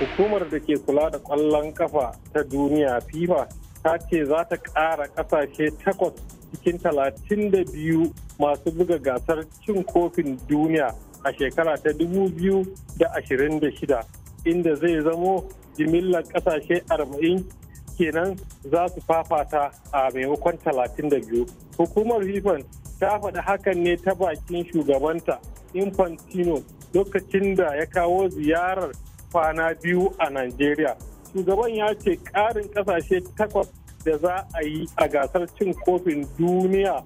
hukumar da ke kula da kwallon kafa ta duniya fifa ta ce za ta kara kasashe takwas cikin talatin da biyu masu buga gasar cin kofin duniya a shekara ta dubu biyu da ashirin da shida inda zai zamo jimillar kasashe arba'in kenan za su fafata a maimakon talatin da biyu hukumar fifa ta faɗi hakan ne ta bakin shugabanta infantino lokacin da ya kawo ziyarar kwana biyu a Najeriya. Shugaban ya ce ƙarin ƙasashe takwas da za a yi a gasar cin kofin duniya.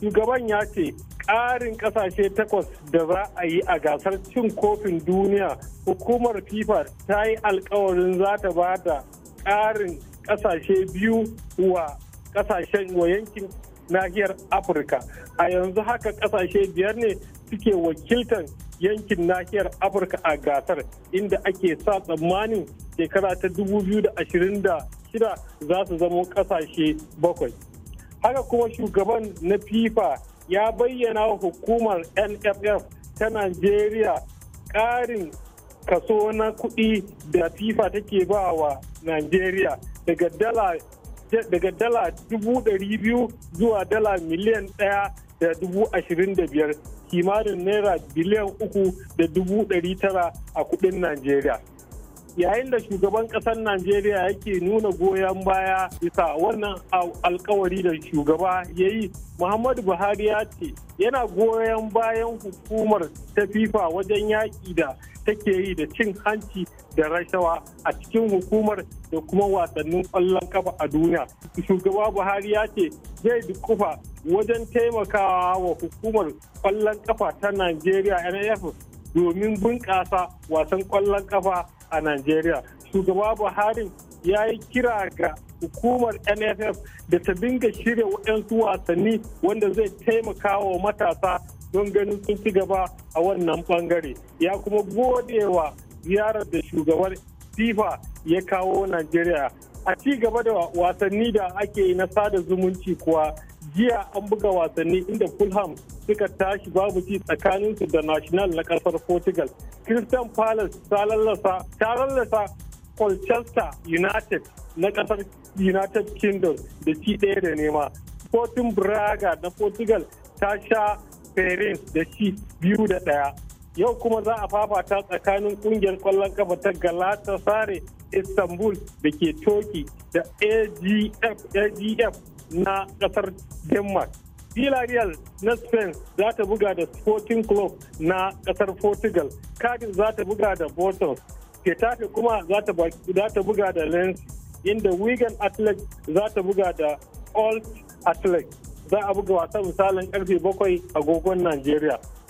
Shugaban ya ce ƙarin ƙasashe takwas da za a yi a gasar cin kofin duniya hukumar FIFA ta yi alkawarin za ta ba da ƙarin ƙasashe biyu wa ƙasashen wa yankin nahiyar afirka a yanzu haka kasashe biyar ne suke wakiltar yankin nahiyar afirka a gasar inda ake sa tsammanin shekara ta da da shida za su zamo kasashe bakwai haka kuma shugaban na fifa ya bayyana hukumar nff ta najeriya ƙarin kaso na kudi da fifa take ba wa najeriya daga dala daga dala dubu ɗari biyu zuwa dala miliyan ɗaya da dubu ashirin da biyar kimanin naira biliyan uku da dubu ɗari tara a kuɗin najeriya yayin da shugaban ƙasar najeriya yake nuna goyon baya bisa wannan alkawari da shugaba ya yi muhammadu buhari ya ce yana goyon bayan hukumar ta fifa wajen yaƙi da take yi da cin hanci da rashawa a cikin hukumar da kuma wasannin kwallon kafa a duniya shugaba buhari ya ce zai kufa wajen taimakawa wa hukumar kwallon kafa ta najeriya nif domin bunƙasa wasan kwallon kafa a najeriya shugaba buhari ya yi kira ga hukumar nff da ta dinga shirya waɗansu wasanni wanda zai taimaka wa matasa don ganin sun ci gaba a wannan bangare ya kuma godewa ziyarar da shugaban fifa ya kawo najeriya a ci gaba da wasanni da ake yi na sada zumunci kuwa jiya an buga wasanni inda fulham suka tashi babu ci tsakaninsu da national na kasar portugal christian palace ta lallasa colchester united na kasar united kingdom da ci ɗaya da nema sporting braga na portugal ta sha Ferenc da ci biyu da ɗaya. Yau kuma za a fafata tsakanin kungiyar kwallon kafa ta Galatasaray Istanbul da ke Toki da AGF, AGF na ƙasar Denmark. Villarreal na Spain za ta buga da Sporting Club na ƙasar Portugal. Cardiff za ta buga da Bolton. Getafe kuma za ta buga da Lens. Inda Wigan Athletic za ta buga da Old Athletic. za a buga wasan misalin karfe bakwai agogon Najeriya.